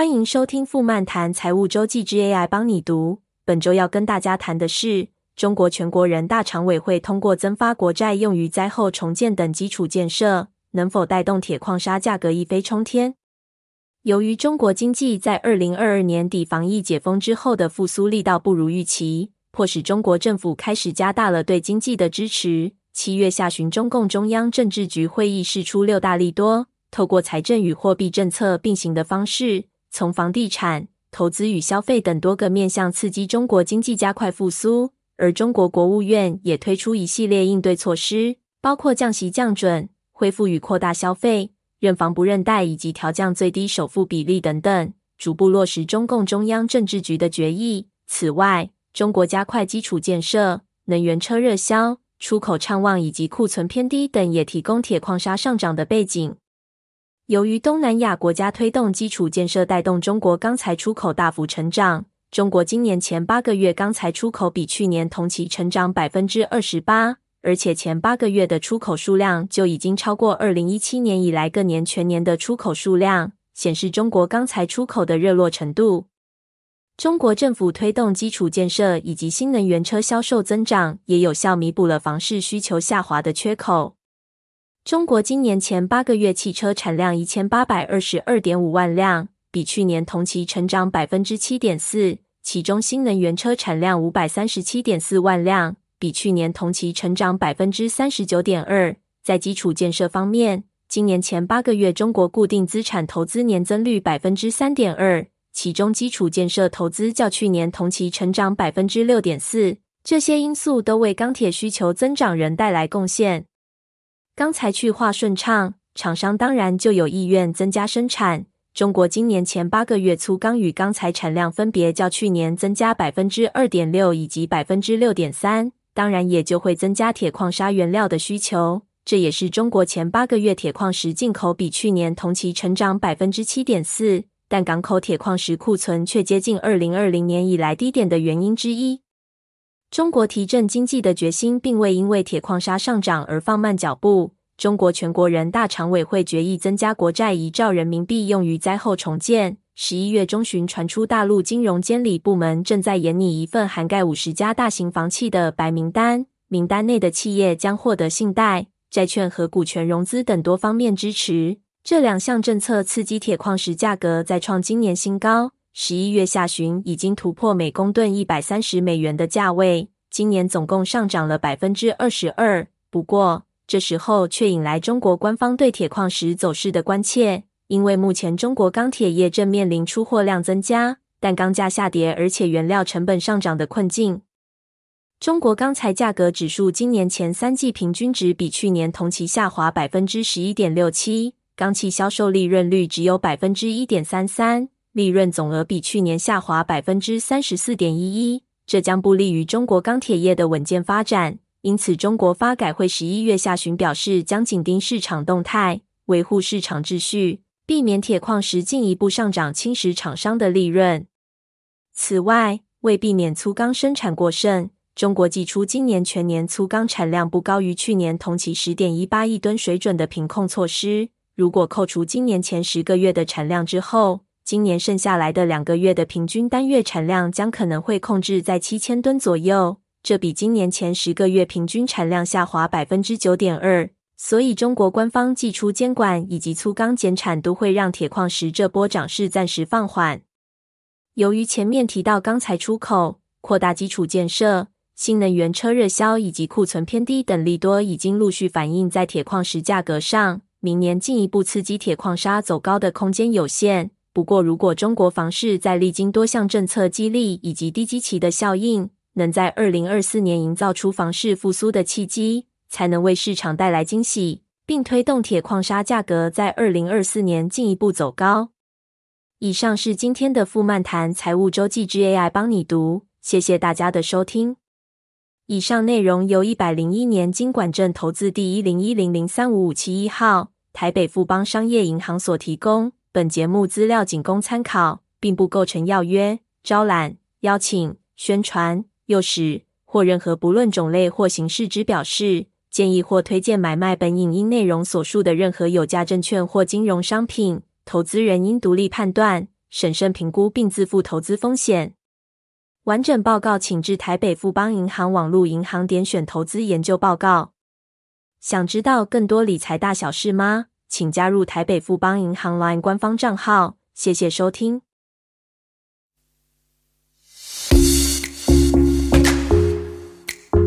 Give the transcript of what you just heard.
歡迎收聽《富漫談財務週記》之 AI 幫你讀。本周要跟大家談的是：中國全國人大常委會通過增發國債用於災後重建等基礎建設，能否帶動鐵礦砂價格一飛沖天？由於中國經濟在二零二二年底防疫解封之後的復甦力道不如預期，迫使中國政府開始加大了對經濟的支持。七月下旬，中共中央政治局會議釋出六大利多，透過財政與貨幣政策並行的方式。從房地產投資與消費等多個面向刺激中國經濟加快復甦，而中國國務院也推出一系列應對措施，包括降息降準、恢復與擴大消費、認房不認貸以及調降最低首付比例等等，逐步落實中共中央政治局的決議。此外，中國加快基礎建設、能源車熱銷、出口暢旺以及庫存偏低等，也提供鐵礦砂上漲的背景。由於東南亞國家推動基礎建設，帶動中國鋼材出口大幅成長。中國今年前八個月鋼材出口比去年同期成長百分之二十八，而且前八個月的出口數量就已經超過二零一七年以來各年全年的出口數量，顯示中國鋼材出口的熱絡程度。中國政府推動基礎建設以及新能源車銷售增長，也有效彌補了房市需求下滑的缺口。中國今年前八個月汽車產量一千八百二十二點五萬輛，比去年同期成長百分之七點四。其中新能源車產量五百三十七點四萬輛，比去年同期成長百分之三十九點二。在基礎建設方面，今年前八個月中國固定資產投資年增率百分之三點二，其中基礎建設投資較去年同期成長百分之六點四。這些因素都為鋼鐵需求增長仍帶來貢獻。鋼材去化順暢，廠商當然就有意願增加生產。中國今年前八個月粗鋼與鋼材產量分別較去年增加百分之二點六以及百分之六點三，當然也就會增加鐵礦砂原料的需求。這也是中國前八個月鐵礦石進口比去年同期成長百分之七點四，但港口鐵礦石庫存卻接近二零二零年以來低點的原因之一。中國提振經濟的決心並未因為鐵礦砂上漲而放慢腳步。中國全國人大常委會決議增加國債一兆人民幣用於災後重建。十一月中旬傳出，大陸金融監理部門正在研擬一份涵蓋五十家大型房企的白名單，名單內的企業將獲得信貸、債券和股權融資等多方面支持。這兩項政策刺激鐵礦石價格再創今年新高，十一月下旬已經突破每公噸一百三十美元的價位，今年總共上漲了百分之二十二。不過，這時候卻引來中國官方對鐵礦石走勢的關切，因為目前中國鋼鐵業正面臨出貨量增加，但鋼價下跌，而且原料成本上漲的困境。中國鋼材價格指數今年前三季平均值比去年同期下滑百分之十一點六七，鋼企銷售利潤率只有百分之一點三三，利潤總額比去年下滑百分之三十四點一一，這將不利於中國鋼鐵業的穩健發展。因此，中國發改委十一月下旬表示，將緊盯市場動態，維護市場秩序，避免鐵礦石進一步上漲侵蝕廠商的利潤。此外，為避免粗鋼生產過剩，中國提出今年全年粗鋼產量不高於去年同期十點一八億噸水準的平控措施。如果扣除今年前十個月的產量之後，今年剩下來的兩個月的平均單月產量將可能會控制在七千噸左右。這比今年前十個月平均產量下滑百分之九點二，所以中國官方祭出監管以及粗鋼減產都會讓鐵礦石這波漲勢暫時放緩。由於前面提到鋼材出口、擴大基礎建設、新能源車熱銷以及庫存偏低等利多已經陸續反映在鐵礦石價格上，明年進一步刺激鐵礦砂走高的空間有限。不過，如果中國房市在歷經多項政策激勵以及低基期的效應，能在二零二四年營造出房市復甦的契機，才能為市場帶來驚喜，並推動鐵礦砂價格在二零二四年進一步走高。以上是今天的富漫談財務週記之 AI 幫你讀，謝謝大家的收聽。以上內容由一百零一年金管證投字第一零一零零三五五七一號台北富邦商業銀行所提供，本節目資料僅供參考，並不構成要約、招攬、邀請、宣傳。誘使或任何不論種類或形式之表示、建議或推薦買賣本影音內容所述的任何有價證券或金融商品，投資人應獨立判斷、審慎評估並自負投資風險。完整報告請至台北富邦銀行網絡銀行點選投資研究報告。想知道更多理財大小事嗎？請加入台北富邦銀行 Line 官方賬號。謝謝收聽。